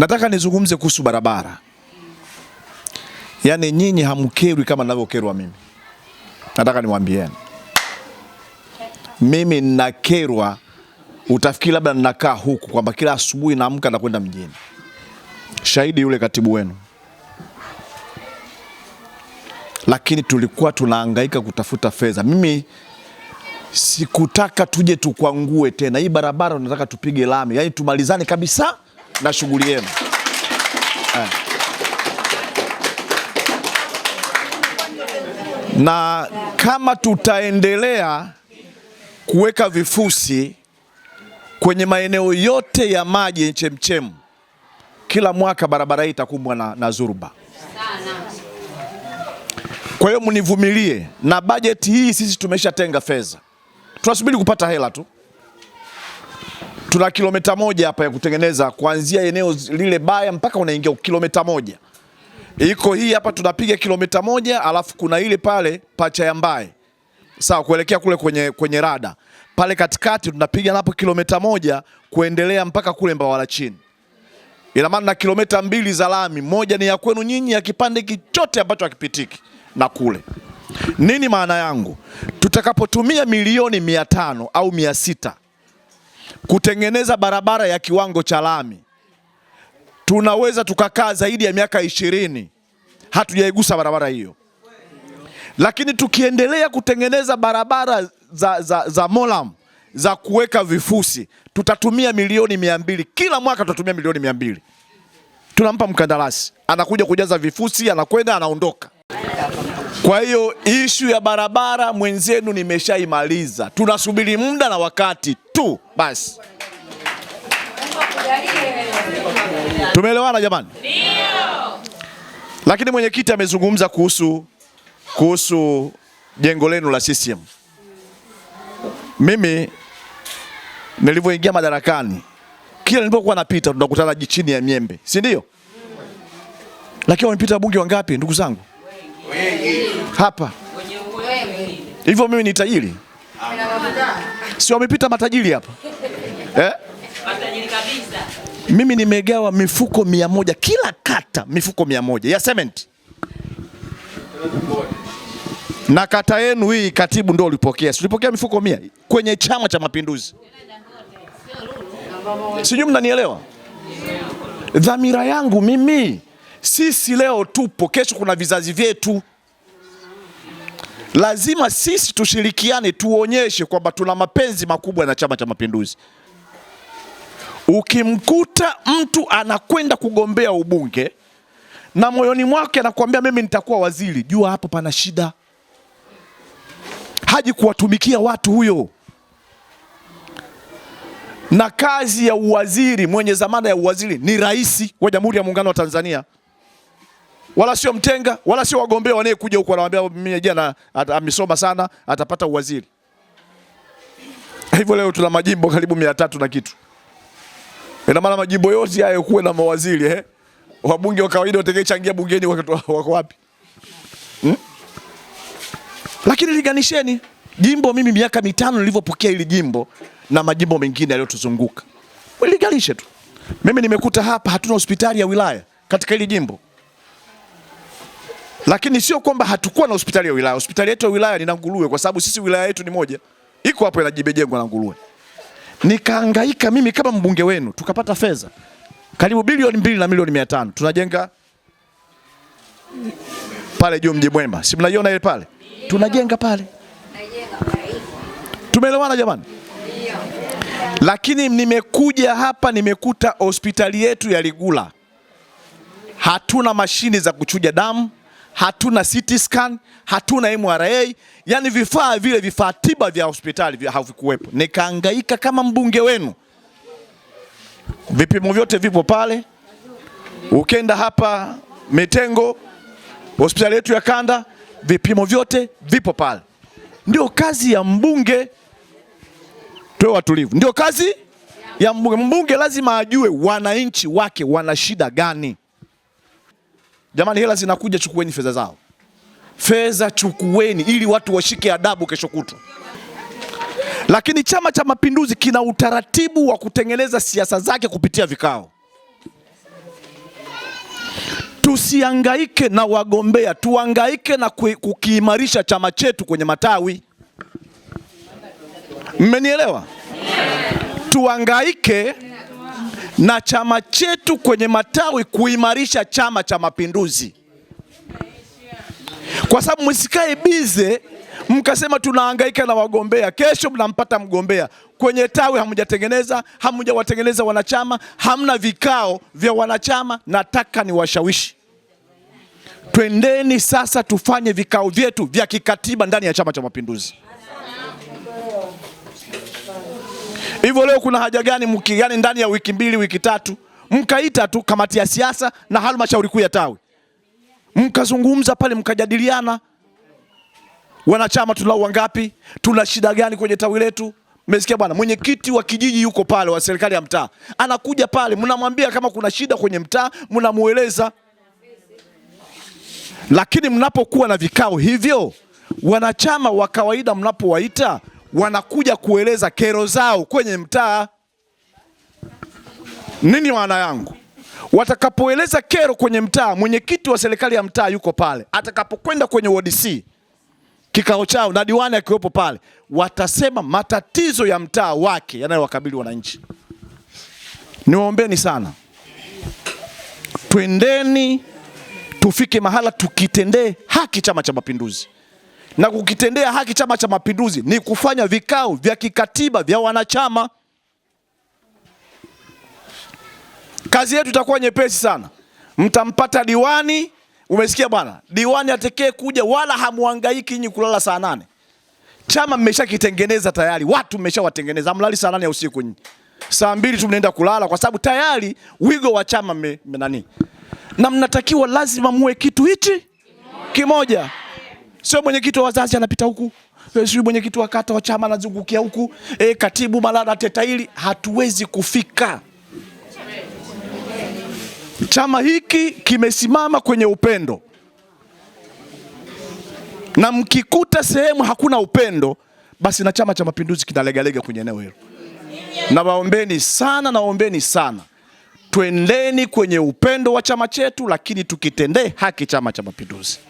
Nataka nizungumze kuhusu barabara. Yaani nyinyi hamkerwi kama ninavyokerwa mimi. Nataka niwaambieni, mimi ninakerwa, utafikiri labda ninakaa huku kwamba kila asubuhi naamka na kwenda mjini. Shahidi yule katibu wenu, lakini tulikuwa tunahangaika kutafuta fedha. Mimi sikutaka tuje tukwangue tena hii barabara, nataka tupige lami, yaani tumalizane kabisa na shughuli yenu. Na kama tutaendelea kuweka vifusi kwenye maeneo yote ya maji yenye chemchemu, kila mwaka barabara hii itakumbwa na, na zuruba. Kwa hiyo mnivumilie, na bajeti hii sisi tumeshatenga fedha, tunasubiri kupata hela tu tuna kilomita moja hapa ya kutengeneza kuanzia eneo lile baya mpaka unaingia kilomita moja iko hii hapa, tunapiga kilomita moja alafu kuna ile pale pacha ya mbaye sawa, kuelekea kule kwenye, kwenye rada pale katikati tunapiga napo kilomita moja kuendelea mpaka kule Mbawala chini. Ina maana na kilomita mbili za lami, moja ni ya kwenu nyinyi ya kipande kichote ambacho hakipitiki na kule. Nini maana yangu? Tutakapotumia milioni mia tano au mia sita kutengeneza barabara ya kiwango cha lami. Tunaweza tukakaa zaidi ya miaka ishirini hatujaigusa barabara hiyo, lakini tukiendelea kutengeneza barabara za, za, za molam za kuweka vifusi tutatumia milioni mia mbili kila mwaka, tutatumia milioni mia mbili Tunampa mkandarasi, anakuja kujaza vifusi, anakwenda anaondoka. Kwa hiyo ishu ya barabara mwenzenu, nimeshaimaliza. Tunasubiri muda na wakati tu basi. Tumeelewana jamani? Ndio. Lakini mwenyekiti amezungumza kuhusu kuhusu jengo lenu la CCM. Mimi nilivyoingia madarakani, kila nilipokuwa napita tunakutana chini ya miembe, si ndio? Lakini wamepita bunge wangapi ndugu zangu? Wengi hapa hivyo. Mimi ni tajiri, si wamepita matajiri hapa eh? Matajiri kabisa. Mimi nimegawa mifuko mia moja kila kata, mifuko mia moja ya sementi na kata yenu hii, katibu ndo ulipokea, ulipokea mifuko mia kwenye Chama cha Mapinduzi, sijui mnanielewa. Dhamira yangu mimi, sisi leo tupo, kesho kuna vizazi vyetu lazima sisi tushirikiane, tuonyeshe kwamba tuna mapenzi makubwa na Chama cha Mapinduzi. Ukimkuta mtu anakwenda kugombea ubunge na moyoni mwake anakuambia mimi nitakuwa waziri, jua hapo pana shida. Haji kuwatumikia watu huyo, na kazi ya uwaziri, mwenye zamana ya uwaziri ni Rais wa Jamhuri ya Muungano wa Tanzania wala sio mtenga wala sio wagombea wanayekuja huko anawaambia mimi jana amesoma sana atapata uwaziri. Hivyo leo tuna majimbo karibu mia tatu na kitu. Ina maana majimbo yote hayo kuwe na mawaziri eh? Wabunge wa kawaida watakayechangia bungeni wako wapi? Hmm? Lakini liganisheni jimbo mimi miaka mitano nilivyopokea hili jimbo na majimbo mengine yaliyotuzunguka. liganishe tu. Mimi nimekuta hapa hatuna hospitali ya wilaya katika hili jimbo. Lakini sio kwamba hatukuwa na hospitali ya wilaya. Hospitali yetu ya wilaya ni na Nguruwe, kwa sababu sisi wilaya yetu ni moja, iko hapo inajibejengwa na Nguruwe. Nikahangaika mimi kama mbunge wenu, tukapata fedha karibu bilioni mbili na milioni mia tano tunajenga pale juu mji mwema, si mnaiona ile pale, tunajenga pale. Tumeelewana jamani? Lakini nimekuja hapa nimekuta hospitali yetu ya Ligula hatuna mashine za kuchuja damu hatuna CT scan, hatuna MRI, yani vifaa vile vifaa tiba vya hospitali havikuwepo. nikaangaika kama mbunge wenu, vipimo vyote vipo pale. Ukenda hapa Mitengo, hospitali yetu ya kanda, vipimo vyote vipo pale. Ndio kazi ya mbunge, tuwe watulivu. Ndio kazi ya mbunge. Mbunge lazima ajue wananchi wake wana shida gani. Jamani, hela zinakuja, chukueni fedha zao, fedha chukueni, ili watu washike adabu kesho kutwa. Lakini Chama cha Mapinduzi kina utaratibu wa kutengeneza siasa zake kupitia vikao. Tusiangaike na wagombea, tuangaike na kukiimarisha chama chetu kwenye matawi. Mmenielewa? Tuangaike na chama chetu kwenye matawi kuimarisha Chama cha Mapinduzi, kwa sababu msikae bize mkasema tunahangaika na wagombea. Kesho mnampata mgombea kwenye tawi, hamjatengeneza hamjawatengeneza wanachama, hamna vikao vya wanachama. Nataka niwashawishi, twendeni sasa tufanye vikao vyetu vya kikatiba ndani ya Chama cha Mapinduzi. Hivyo leo kuna haja gani mkigani ndani ya wiki mbili wiki tatu mkaita tu kamati ya siasa na halmashauri kuu ya tawi mkazungumza pale mkajadiliana, wanachama tunao wangapi, tuna shida gani kwenye tawi letu? Mmesikia bwana, mwenyekiti wa kijiji yuko pale wa serikali ya mtaa anakuja pale, mnamwambia kama kuna shida kwenye mtaa mnamueleza. Lakini mnapokuwa na vikao hivyo, wanachama wa kawaida mnapowaita wanakuja kueleza kero zao kwenye mtaa. Nini maana yangu? Watakapoeleza kero kwenye mtaa, mwenyekiti wa serikali ya mtaa yuko pale, atakapokwenda kwenye WDC kikao chao na diwani akiwepo pale, watasema matatizo ya mtaa wake yanayowakabili wananchi. Niwaombeni sana, twendeni tufike mahala tukitendee haki Chama cha Mapinduzi na kukitendea haki Chama cha Mapinduzi ni kufanya vikao vya kikatiba vya wanachama. Kazi yetu itakuwa nyepesi sana. Mtampata diwani, umesikia bwana diwani atekee kuja, wala hamwangaiki nyinyi kulala saa nane. Chama mmeshakitengeneza tayari, watu mmeshawatengeneza, mlali saa nane ya usiku nyinyi, saa mbili tu mnaenda kulala, kwa sababu tayari wigo wa chama nani, na mnatakiwa lazima muwe kitu hichi kimoja. Sio mwenyekiti wa wazazi anapita huku, sio mwenyekiti wa kata wa chama anazungukia huku, e, katibu mara teta hili. Hatuwezi kufika. Chama hiki kimesimama kwenye upendo, na mkikuta sehemu hakuna upendo, basi na Chama cha Mapinduzi kinalegalega kwenye eneo hilo. Nawaombeni sana, nawaombeni sana, twendeni kwenye upendo wa chama chetu, lakini tukitendee haki Chama cha Mapinduzi.